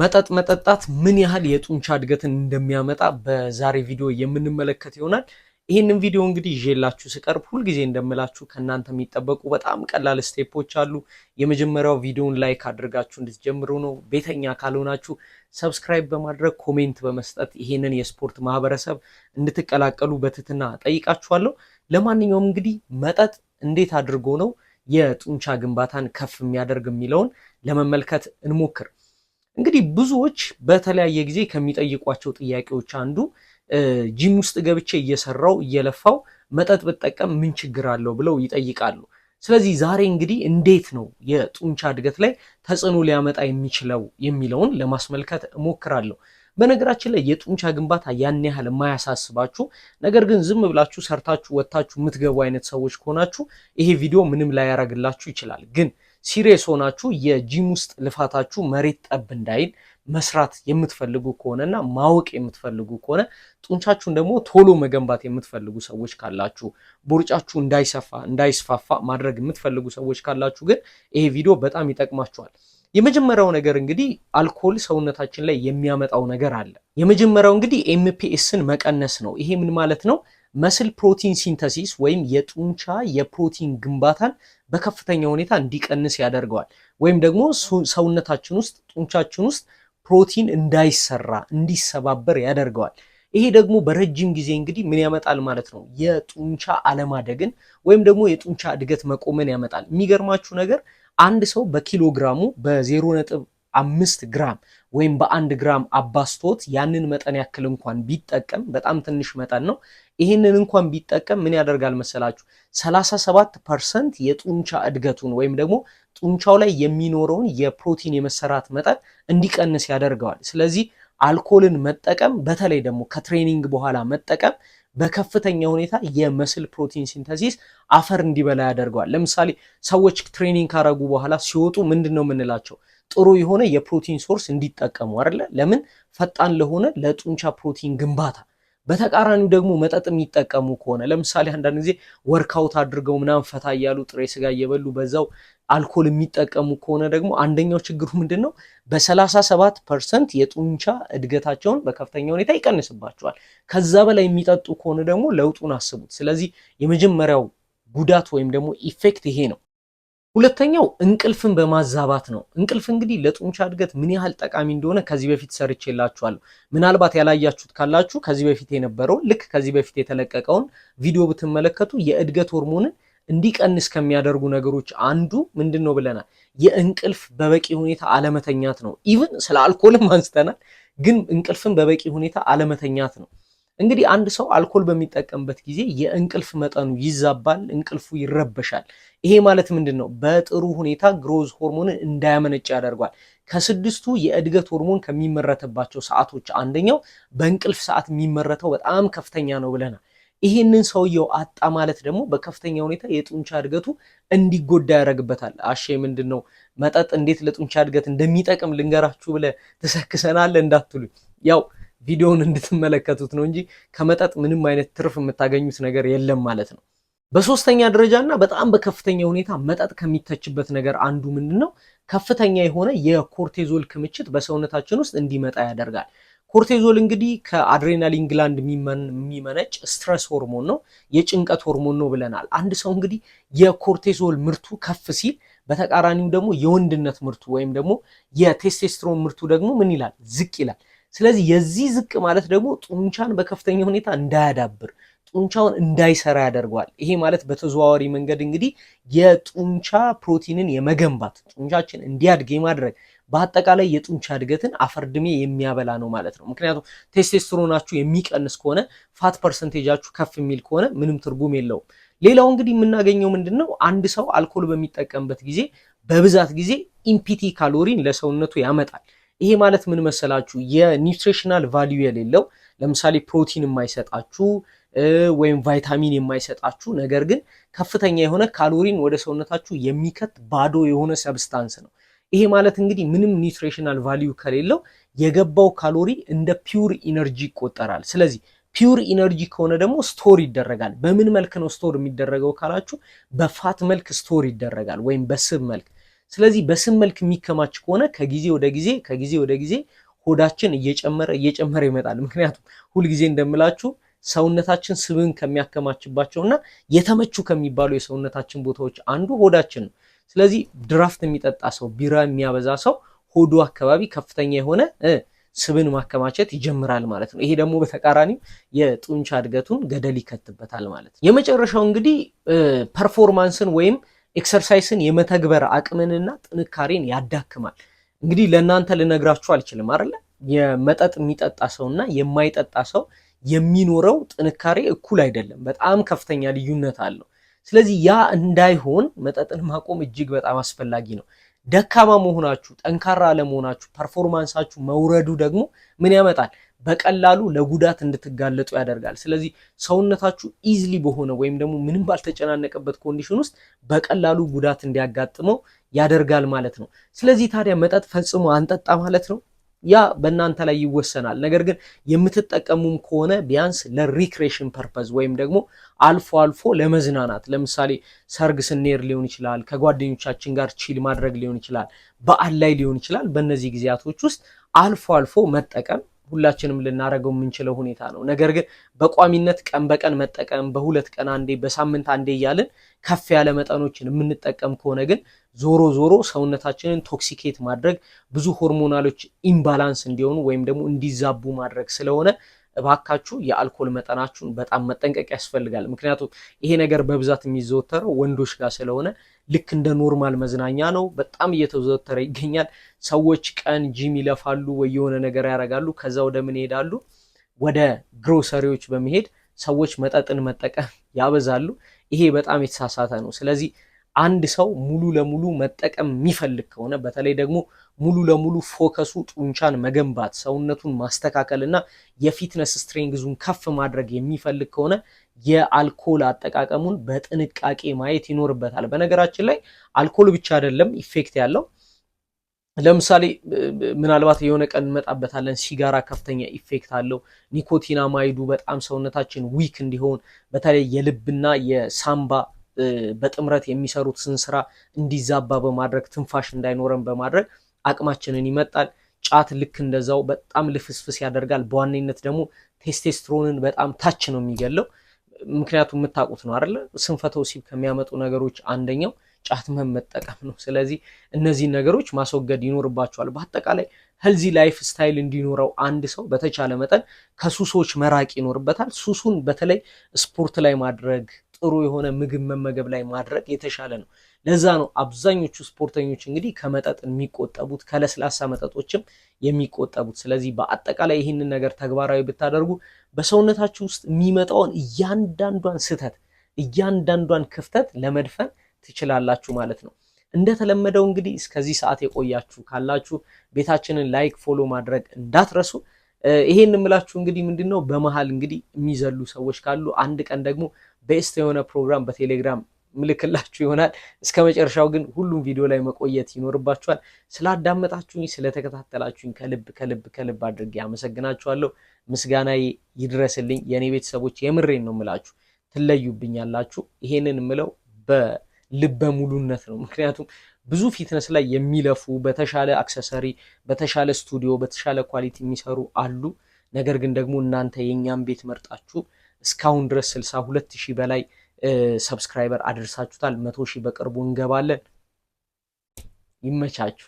መጠጥ መጠጣት ምን ያህል የጡንቻ እድገትን እንደሚያመጣ በዛሬ ቪዲዮ የምንመለከት ይሆናል። ይህንን ቪዲዮ እንግዲህ ይዤላችሁ ስቀርብ ሁልጊዜ እንደምላችሁ ከእናንተ የሚጠበቁ በጣም ቀላል ስቴፖች አሉ። የመጀመሪያው ቪዲዮን ላይክ አድርጋችሁ እንድትጀምሩ ነው። ቤተኛ ካልሆናችሁ ሰብስክራይብ በማድረግ ኮሜንት በመስጠት ይህንን የስፖርት ማህበረሰብ እንድትቀላቀሉ በትህትና ጠይቃችኋለሁ። ለማንኛውም እንግዲህ መጠጥ እንዴት አድርጎ ነው የጡንቻ ግንባታን ከፍ የሚያደርግ የሚለውን ለመመልከት እንሞክር። እንግዲህ ብዙዎች በተለያየ ጊዜ ከሚጠይቋቸው ጥያቄዎች አንዱ ጂም ውስጥ ገብቼ እየሰራው እየለፋው መጠጥ ብጠቀም ምን ችግር አለው ብለው ይጠይቃሉ። ስለዚህ ዛሬ እንግዲህ እንዴት ነው የጡንቻ እድገት ላይ ተጽዕኖ ሊያመጣ የሚችለው የሚለውን ለማስመልከት እሞክራለሁ። በነገራችን ላይ የጡንቻ ግንባታ ያን ያህል የማያሳስባችሁ ነገር ግን ዝም ብላችሁ ሰርታችሁ ወጥታችሁ የምትገቡ አይነት ሰዎች ከሆናችሁ ይሄ ቪዲዮ ምንም ላያረግላችሁ ይችላል ግን ሲሪየስ ሆናችሁ የጂም ውስጥ ልፋታችሁ መሬት ጠብ እንዳይል መስራት የምትፈልጉ ከሆነ እና ማወቅ የምትፈልጉ ከሆነ ጡንቻችሁን ደግሞ ቶሎ መገንባት የምትፈልጉ ሰዎች ካላችሁ ቦርጫችሁ እንዳይሰፋ እንዳይስፋፋ ማድረግ የምትፈልጉ ሰዎች ካላችሁ ግን ይሄ ቪዲዮ በጣም ይጠቅማችኋል። የመጀመሪያው ነገር እንግዲህ አልኮል ሰውነታችን ላይ የሚያመጣው ነገር አለ። የመጀመሪያው እንግዲህ ኤምፒኤስን መቀነስ ነው። ይሄ ምን ማለት ነው? መስል ፕሮቲን ሲንተሲስ ወይም የጡንቻ የፕሮቲን ግንባታን በከፍተኛ ሁኔታ እንዲቀንስ ያደርገዋል። ወይም ደግሞ ሰውነታችን ውስጥ ጡንቻችን ውስጥ ፕሮቲን እንዳይሰራ እንዲሰባበር ያደርገዋል። ይሄ ደግሞ በረጅም ጊዜ እንግዲህ ምን ያመጣል ማለት ነው? የጡንቻ አለማደግን ወይም ደግሞ የጡንቻ እድገት መቆመን ያመጣል። የሚገርማችሁ ነገር አንድ ሰው በኪሎግራሙ በዜሮ ነጥብ አምስት ግራም ወይም በአንድ ግራም አባስቶት ያንን መጠን ያክል እንኳን ቢጠቀም በጣም ትንሽ መጠን ነው። ይህንን እንኳን ቢጠቀም ምን ያደርጋል መሰላችሁ? 37 ፐርሰንት የጡንቻ እድገቱን ወይም ደግሞ ጡንቻው ላይ የሚኖረውን የፕሮቲን የመሰራት መጠን እንዲቀንስ ያደርገዋል። ስለዚህ አልኮልን መጠቀም በተለይ ደግሞ ከትሬኒንግ በኋላ መጠቀም በከፍተኛ ሁኔታ የመስል ፕሮቲን ሲንተሲስ አፈር እንዲበላ ያደርገዋል። ለምሳሌ ሰዎች ትሬኒንግ ካረጉ በኋላ ሲወጡ ምንድን ነው የምንላቸው? ጥሩ የሆነ የፕሮቲን ሶርስ እንዲጠቀሙ አይደለ? ለምን ፈጣን ለሆነ ለጡንቻ ፕሮቲን ግንባታ። በተቃራኒው ደግሞ መጠጥ የሚጠቀሙ ከሆነ ለምሳሌ አንዳንድ ጊዜ ወርካውት አድርገው ምናምን ፈታ እያሉ ጥሬ ስጋ እየበሉ በዛው አልኮል የሚጠቀሙ ከሆነ ደግሞ አንደኛው ችግሩ ምንድን ነው? በሰላሳ 37 ፐርሰንት የጡንቻ እድገታቸውን በከፍተኛ ሁኔታ ይቀንስባቸዋል። ከዛ በላይ የሚጠጡ ከሆነ ደግሞ ለውጡን አስቡት። ስለዚህ የመጀመሪያው ጉዳት ወይም ደግሞ ኢፌክት ይሄ ነው። ሁለተኛው እንቅልፍን በማዛባት ነው። እንቅልፍ እንግዲህ ለጡንቻ እድገት ምን ያህል ጠቃሚ እንደሆነ ከዚህ በፊት ሰርቼላችኋለሁ። ምናልባት ያላያችሁት ካላችሁ ከዚህ በፊት የነበረው ልክ ከዚህ በፊት የተለቀቀውን ቪዲዮ ብትመለከቱ የእድገት ሆርሞንን እንዲቀንስ ከሚያደርጉ ነገሮች አንዱ ምንድን ነው ብለናል? የእንቅልፍ በበቂ ሁኔታ አለመተኛት ነው። ኢቭን ስለ አልኮልም አንስተናል። ግን እንቅልፍን በበቂ ሁኔታ አለመተኛት ነው። እንግዲህ አንድ ሰው አልኮል በሚጠቀምበት ጊዜ የእንቅልፍ መጠኑ ይዛባል፣ እንቅልፉ ይረበሻል። ይሄ ማለት ምንድን ነው? በጥሩ ሁኔታ ግሮዝ ሆርሞንን እንዳያመነጭ ያደርጓል። ከስድስቱ የእድገት ሆርሞን ከሚመረትባቸው ሰዓቶች አንደኛው በእንቅልፍ ሰዓት የሚመረተው በጣም ከፍተኛ ነው ብለናል። ይህንን ሰውየው አጣ ማለት ደግሞ በከፍተኛ ሁኔታ የጡንቻ እድገቱ እንዲጎዳ ያደርግበታል። አሼ ምንድን ነው መጠጥ እንዴት ለጡንቻ እድገት እንደሚጠቅም ልንገራችሁ ብለ ትሰክሰናለህ እንዳትሉኝ ያው ቪዲዮውን እንድትመለከቱት ነው እንጂ ከመጠጥ ምንም አይነት ትርፍ የምታገኙት ነገር የለም ማለት ነው። በሶስተኛ ደረጃ እና በጣም በከፍተኛ ሁኔታ መጠጥ ከሚተችበት ነገር አንዱ ምንድን ነው? ከፍተኛ የሆነ የኮርቴዞል ክምችት በሰውነታችን ውስጥ እንዲመጣ ያደርጋል። ኮርቴዞል እንግዲህ ከአድሬናሊን ግላንድ የሚመነጭ ስትረስ ሆርሞን ነው፣ የጭንቀት ሆርሞን ነው ብለናል። አንድ ሰው እንግዲህ የኮርቴዞል ምርቱ ከፍ ሲል፣ በተቃራኒው ደግሞ የወንድነት ምርቱ ወይም ደግሞ የቴስቴስትሮን ምርቱ ደግሞ ምን ይላል? ዝቅ ይላል። ስለዚህ የዚህ ዝቅ ማለት ደግሞ ጡንቻን በከፍተኛ ሁኔታ እንዳያዳብር ጡንቻውን እንዳይሰራ ያደርገዋል። ይሄ ማለት በተዘዋዋሪ መንገድ እንግዲህ የጡንቻ ፕሮቲንን የመገንባት ጡንቻችን እንዲያድግ የማድረግ በአጠቃላይ የጡንቻ እድገትን አፈርድሜ የሚያበላ ነው ማለት ነው። ምክንያቱም ቴስቴስትሮናችሁ የሚቀንስ ከሆነ ፋት ፐርሰንቴጃችሁ ከፍ የሚል ከሆነ ምንም ትርጉም የለውም። ሌላው እንግዲህ የምናገኘው ምንድን ነው? አንድ ሰው አልኮል በሚጠቀምበት ጊዜ በብዛት ጊዜ ኢምፒቲ ካሎሪን ለሰውነቱ ያመጣል። ይሄ ማለት ምን መሰላችሁ? የኒውትሪሽናል ቫሊዩ የሌለው ለምሳሌ ፕሮቲን የማይሰጣችሁ ወይም ቫይታሚን የማይሰጣችሁ ነገር ግን ከፍተኛ የሆነ ካሎሪን ወደ ሰውነታችሁ የሚከት ባዶ የሆነ ሰብስታንስ ነው። ይሄ ማለት እንግዲህ ምንም ኒውትሪሽናል ቫሊዩ ከሌለው የገባው ካሎሪ እንደ ፒውር ኢነርጂ ይቆጠራል። ስለዚህ ፒውር ኢነርጂ ከሆነ ደግሞ ስቶር ይደረጋል። በምን መልክ ነው ስቶር የሚደረገው ካላችሁ፣ በፋት መልክ ስቶር ይደረጋል ወይም በስብ መልክ ስለዚህ በስም መልክ የሚከማች ከሆነ ከጊዜ ወደ ጊዜ ከጊዜ ወደ ጊዜ ሆዳችን እየጨመረ እየጨመረ ይመጣል። ምክንያቱም ሁልጊዜ እንደምላችሁ ሰውነታችን ስብን ከሚያከማችባቸው እና የተመቹ ከሚባሉ የሰውነታችን ቦታዎች አንዱ ሆዳችን ነው። ስለዚህ ድራፍት የሚጠጣ ሰው፣ ቢራ የሚያበዛ ሰው ሆዱ አካባቢ ከፍተኛ የሆነ ስብን ማከማቸት ይጀምራል ማለት ነው። ይሄ ደግሞ በተቃራኒው የጡንቻ እድገቱን ገደል ይከትበታል ማለት ነው። የመጨረሻው እንግዲህ ፐርፎርማንስን ወይም ኤክሰርሳይስን የመተግበር አቅምንና ጥንካሬን ያዳክማል። እንግዲህ ለእናንተ ልነግራችሁ አልችልም አይደለ? የመጠጥ የሚጠጣ ሰውና የማይጠጣ ሰው የሚኖረው ጥንካሬ እኩል አይደለም። በጣም ከፍተኛ ልዩነት አለው። ስለዚህ ያ እንዳይሆን መጠጥን ማቆም እጅግ በጣም አስፈላጊ ነው። ደካማ መሆናችሁ፣ ጠንካራ አለመሆናችሁ፣ ፐርፎርማንሳችሁ መውረዱ ደግሞ ምን ያመጣል? በቀላሉ ለጉዳት እንድትጋለጡ ያደርጋል። ስለዚህ ሰውነታችሁ ኢዝሊ በሆነ ወይም ደግሞ ምንም ባልተጨናነቀበት ኮንዲሽን ውስጥ በቀላሉ ጉዳት እንዲያጋጥመው ያደርጋል ማለት ነው። ስለዚህ ታዲያ መጠጥ ፈጽሞ አንጠጣ ማለት ነው? ያ በእናንተ ላይ ይወሰናል። ነገር ግን የምትጠቀሙም ከሆነ ቢያንስ ለሪክሬሽን ፐርፐዝ ወይም ደግሞ አልፎ አልፎ ለመዝናናት ለምሳሌ ሰርግ ስንሄድ ሊሆን ይችላል፣ ከጓደኞቻችን ጋር ቺል ማድረግ ሊሆን ይችላል፣ በዓል ላይ ሊሆን ይችላል። በእነዚህ ጊዜያቶች ውስጥ አልፎ አልፎ መጠቀም ሁላችንም ልናደርገው የምንችለው ሁኔታ ነው። ነገር ግን በቋሚነት ቀን በቀን መጠቀም በሁለት ቀን አንዴ፣ በሳምንት አንዴ እያልን ከፍ ያለ መጠኖችን የምንጠቀም ከሆነ ግን ዞሮ ዞሮ ሰውነታችንን ቶክሲኬት ማድረግ ብዙ ሆርሞናሎች ኢምባላንስ እንዲሆኑ ወይም ደግሞ እንዲዛቡ ማድረግ ስለሆነ እባካችሁ የአልኮል መጠናችሁን በጣም መጠንቀቅ ያስፈልጋል። ምክንያቱም ይሄ ነገር በብዛት የሚዘወተረው ወንዶች ጋር ስለሆነ ልክ እንደ ኖርማል መዝናኛ ነው፣ በጣም እየተዘወተረ ይገኛል። ሰዎች ቀን ጂም ይለፋሉ ወይ የሆነ ነገር ያደርጋሉ። ከዛ ወደ ምን ይሄዳሉ? ወደ ግሮሰሪዎች በመሄድ ሰዎች መጠጥን መጠቀም ያበዛሉ። ይሄ በጣም የተሳሳተ ነው። ስለዚህ አንድ ሰው ሙሉ ለሙሉ መጠቀም የሚፈልግ ከሆነ በተለይ ደግሞ ሙሉ ለሙሉ ፎከሱ ጡንቻን መገንባት ሰውነቱን ማስተካከል እና የፊትነስ ስትሬንግዙን ከፍ ማድረግ የሚፈልግ ከሆነ የአልኮል አጠቃቀሙን በጥንቃቄ ማየት ይኖርበታል። በነገራችን ላይ አልኮል ብቻ አይደለም ኢፌክት ያለው። ለምሳሌ ምናልባት የሆነ ቀን እንመጣበታለን። ሲጋራ ከፍተኛ ኢፌክት አለው። ማይዱ በጣም ሰውነታችን ዊክ እንዲሆን በተለይ የልብና የሳምባ በጥምረት የሚሰሩትን ስራ እንዲዛባ በማድረግ ትንፋሽ እንዳይኖረን በማድረግ አቅማችንን ይመጣል። ጫት ልክ እንደዛው በጣም ልፍስፍስ ያደርጋል። በዋነኝነት ደግሞ ቴስቴስትሮንን በጣም ታች ነው የሚገለው። ምክንያቱም የምታውቁት ነው አይደለ? ስንፈተ ወሲብ ከሚያመጡ ነገሮች አንደኛው ጫት መጠቀም ነው። ስለዚህ እነዚህን ነገሮች ማስወገድ ይኖርባቸዋል። በአጠቃላይ ሄልዚ ላይፍ ስታይል እንዲኖረው አንድ ሰው በተቻለ መጠን ከሱሶች መራቅ ይኖርበታል። ሱሱን በተለይ ስፖርት ላይ ማድረግ ጥሩ የሆነ ምግብ መመገብ ላይ ማድረግ የተሻለ ነው። ለዛ ነው አብዛኞቹ ስፖርተኞች እንግዲህ ከመጠጥ የሚቆጠቡት ከለስላሳ መጠጦችም የሚቆጠቡት። ስለዚህ በአጠቃላይ ይህንን ነገር ተግባራዊ ብታደርጉ በሰውነታችሁ ውስጥ የሚመጣውን እያንዳንዷን ስህተት እያንዳንዷን ክፍተት ለመድፈን ትችላላችሁ ማለት ነው። እንደተለመደው እንግዲህ እስከዚህ ሰዓት የቆያችሁ ካላችሁ ቤታችንን ላይክ ፎሎ ማድረግ እንዳትረሱ። ይሄን የምላችሁ እንግዲህ ምንድን ነው በመሀል እንግዲህ የሚዘሉ ሰዎች ካሉ አንድ ቀን ደግሞ ቤስት የሆነ ፕሮግራም በቴሌግራም ምልክላችሁ ይሆናል። እስከ መጨረሻው ግን ሁሉም ቪዲዮ ላይ መቆየት ይኖርባችኋል። ስላዳመጣችሁኝ፣ ስለተከታተላችሁኝ ከልብ ከልብ ከልብ አድርጌ አመሰግናችኋለሁ። ምስጋና ይድረስልኝ የእኔ ቤተሰቦች፣ የምሬን ነው ምላችሁ ትለዩብኛላችሁ። ይሄንን ምለው በልበ ሙሉነት ነው። ምክንያቱም ብዙ ፊትነስ ላይ የሚለፉ በተሻለ አክሰሰሪ፣ በተሻለ ስቱዲዮ፣ በተሻለ ኳሊቲ የሚሰሩ አሉ። ነገር ግን ደግሞ እናንተ የእኛም ቤት መርጣችሁ እስካሁን ድረስ 62 ሺህ በላይ ሰብስክራይበር አድርሳችሁታል። መቶ ሺህ በቅርቡ እንገባለን። ይመቻችሁ።